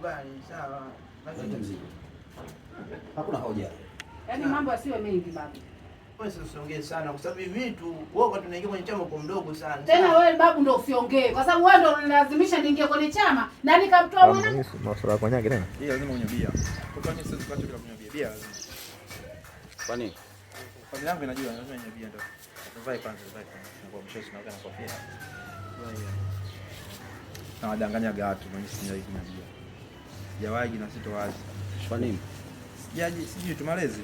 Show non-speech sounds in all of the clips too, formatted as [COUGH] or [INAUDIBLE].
Nakubali sawa, hakuna hoja, yaani mambo asiwe mengi babu. Wewe usiongee sana, kwa sababu vitu wewe wakati unaingia kwenye chama uko mdogo sana. Tena wewe babu ndio usiongee, kwa sababu wewe ndio unalazimisha niingie kwenye chama na nikamtoa mwanangu. Masuala kwa nyage tena, hiyo lazima unywe Kwa nini siwezi kuacha bila kunywa bia? Bia yangu inajua lazima ninywe ndio. Vai kwanza, vai kwanza. Kwa mshosi na kwa kofia. Nawadanganyaga watu, mimi sinywa bia sijawahi na sitowahi. Kwa nini? Sijaji, sijui tumalezi.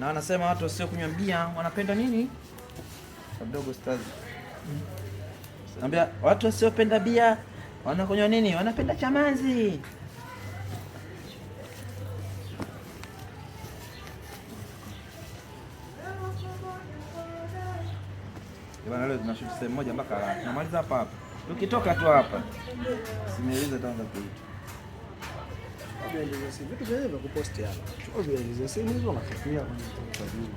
Na wanasema watu wasio kunywa bia wanapenda nini? Kadogo stars. Naambia watu wasiopenda bia wanakunywa nini? Wanapenda chamazi. Bwana, leo tunashuti sehemu moja mpaka tunamaliza hapa hapa. Tukitoka tu hapa simeuliza tanza kuita vitu vyenyewe vya kuposti hapa, chukua vielelezo simu hizo, nakofia kwa juu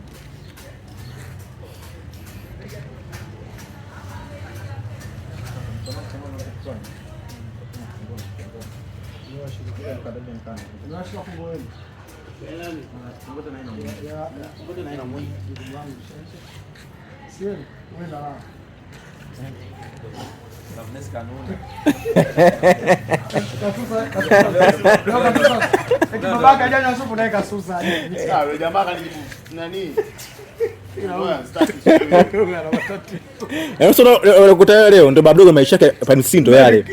Sio, wewe na unakuta leo ndo babadogo maisha yake pamsindo yale,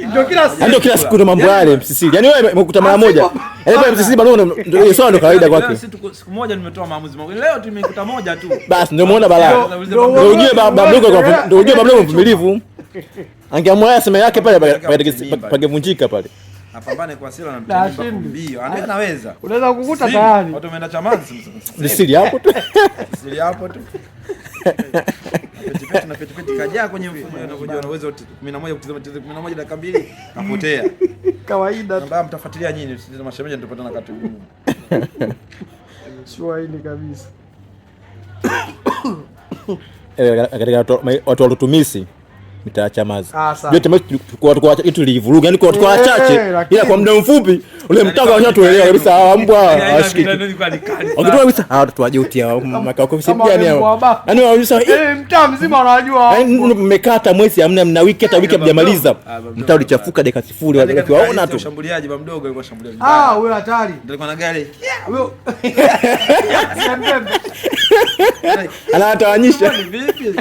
kila siku ndo mambo yale msisili, yani wewe umekuta mara moja Eh, eh, swala ndo kawaida kwake. Siku moja nimetoa maamuzi leo tumekuta moja tu. Basi ndio muona balaa, ndio ujue Babloko mvumilivu. Angeamua yeye sema yake pale pangevunjika pale. Apambane kwa na mbio. Anaweza. Unaweza kukuta tayari. Watu wameenda Ni siri hapo tu. [LAUGHS] Siri hapo tu. [LAUGHS] petipeti na petipeti kajaa kwenye mfumo unavyojua, unaweza 11 kutizama mchezo 11 dakika mbili kapotea [LAUGHS] kawaida. Namba mtafuatilia nyinyi, sisi mashemeji nitapata na kati ngumu sure [LAUGHS] hili kabisa. [COUGHS] Eh, katika watu walotumisi mitaa Chamazi. Hiyo tulivuruga, wachache, ila kwa muda mfupi ule mtaka wenyewe tuelewa kabisa hawa mbwa yaani hawashiki. Wakitoa kabisa hawa watu wajeuti hawa makao kwa gani hawa? Yani wanajua eh. eh, mtaa mzima unajua. Yani mmekata mwezi hamna, mna wiki hata wiki yaani hamjamaliza. Ah, mtaa ulichafuka dakika sifuri yaani wakiwaona tu. Washambuliaji mdogo alikuwa shambulia vibaya. Ah, wewe hatari. Ndio alikuwa na gari. Wewe. [LAUGHS] [LAUGHS] Anatawanyisha. Vipi?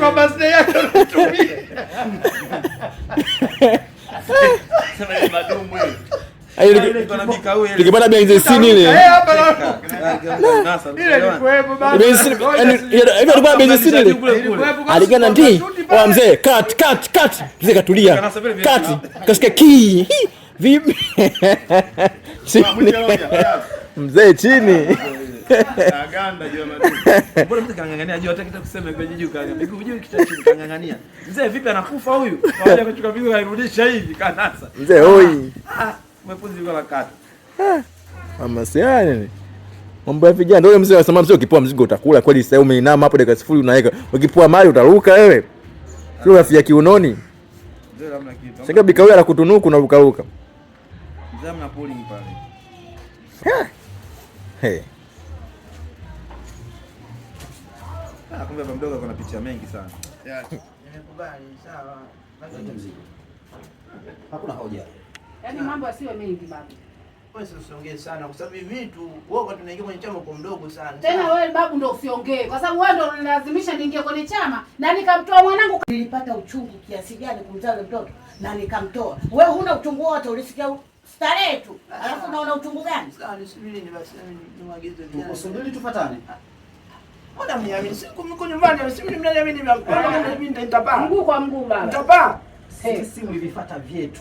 kwa birthday yake unitumie. Aligana ndi. Wa mzee Mzee katulia. Mzee chini. Aganda Mzee vipi anakufa huyu? Kawaida kuchukua kairudisha hivi kanasa. Mzee hoi. Ah, ah yuko la kata. Ah, mama siani Mambo ya vijana ndio mzee anasema mzee ukipoa mzigo utakula kweli sasa umeinama hapo dakika sifuri unaweka. Ukipoa mali utaruka wewe. Sio rafiki ya kiunoni. Mzee hamna kitu. Sasa bika huyu anakutunuku na ruka ruka. Mzee hamna poli pale. Ah, hey. Ah, kumbe baba mdogo kuna picha mengi sana. Yeah. Nimekubali, sawa. Hakuna hoja. Yaani mambo asiwe mengi baba. Wewe usiongee sana kwa sababu vitu wewe kwa tunaingia kwenye chama kwa mdogo sana. Tena wewe babu ndio usiongee kwa sababu wewe ndio unalazimisha niingie kwenye chama na nikamtoa mwanangu. Nilipata uchungu kiasi gani kumzaza mtoto na nikamtoa. Wewe huna uchungu wote ulisikia starehe tu. Alafu unaona uchungu gani? Sawa, nisubiri ni basi ni yaani mwagizo. Tukusubiri tufuatane. Ah. Mbona mniamini? Siku mko nyumbani, siku mnaniamini nimeamka. Ah. Mimi nitapaa. Mguu kwa mguu baba. Nitapaa. Sisi mlivifuata vyetu.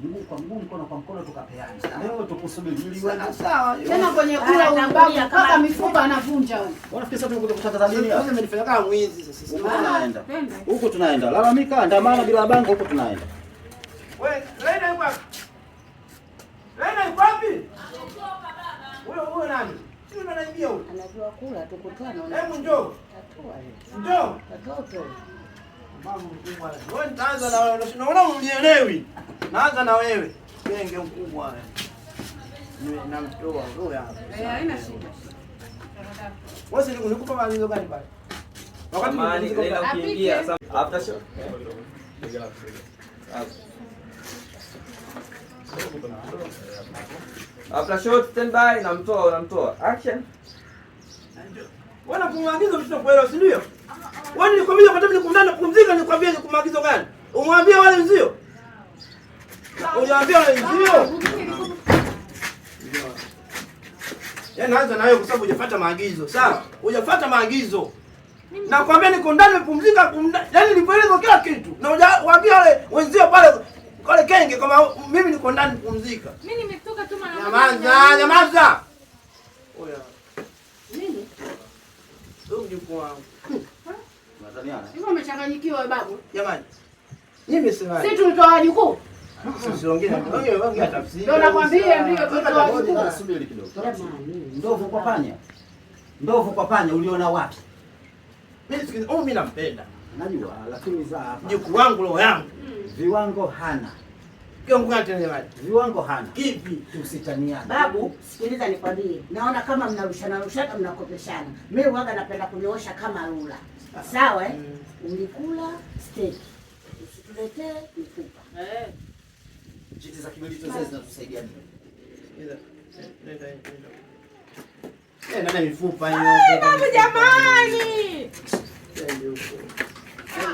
Mguu kwa mguu, mkono kwa mkono tukapeana. Leo tukusubiri. Sawa sawa. Tena kwenye ah, kula unambaga kama mifupa anavunja huko. Unafikiri sasa tunakuja kutangaza nini? Sasa umenifanya kama mwizi sasa. Huko tunaenda. Huko tunaenda. Lalamika, andamana bila bango huko tunaenda. Wewe, Lena yuko wapi? Lena yuko wapi? Ah. Huyo nani? Sio unaniibia huko. Anajua kula tukutana Hebu njoo. Tatoa. Njoo. Tatoto. Mama mkubwa. Wewe nitaanza na wewe. Unaona unielewi. Naanza na wewe. Genge mkubwa wewe. Niwe na mtoa roho yako. Eh, haina shida. Wewe si nikupa maagizo gani pale? Wakati mimi nikupa. After show. Eh. After ah, shot stand by, namtoa unamtoa. Action. Wana kumwagiza mtoto kuelewa si ndio? Wewe yaani nilikwambia wakati mlikundana kupumzika nilikwambia ni kumwagizo gani? Umwambia wale nzio? Uliambia wale nzio? Yaani naanza na wewe kwa sababu hujafuata maagizo. Sawa? Hujafuata maagizo. Nakwambia niko ndani nimepumzika, yaani nilipoeleza kila kitu. Na hujawaambia wale wenzio pale Kole kenge kama mimi niko ndani kupumzika. Mimi nimetoka tu mara moja. Nyamaza, nyamaza. Oya. Nini? Ndio mjukuu wangu. Mnazaniana. Hivi umechanganyikiwa wewe babu? Jamani. Mimi sema. Sisi tulitoa wajukuu. Usiongee. Wewe wewe tafsiri. Ndio nakwambia ndio tulitoa wajukuu. Subiri kidogo. Ndovu kwa panya. Ndovu kwa panya uliona wapi? Mimi oh, mimi nampenda najua, lakini za mjukuu wangu, roho yangu, hmm. viwango hana viwango hana. Kipi? Tusitaniane babu. Sikiliza nikwambie, naona kama mnarushana rushana, mnakopeshana. Mimi waga napenda kunyoosha kama rula, ah. sawa? Mm. Ulikula steki usituletee mfupa eh. Jiti za kibiriti zote zinatusaidia nini? Nenda eh, eh, mifupa hiyo babu, jamani